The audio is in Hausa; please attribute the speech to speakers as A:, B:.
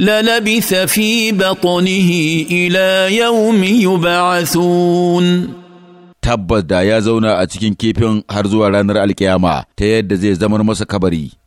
A: للبث في بطنه إلى يوم يبعثون tabbas da ya zauna a cikin kifin har zuwa ranar alkiyama
B: ta yadda zai zamar masa kabari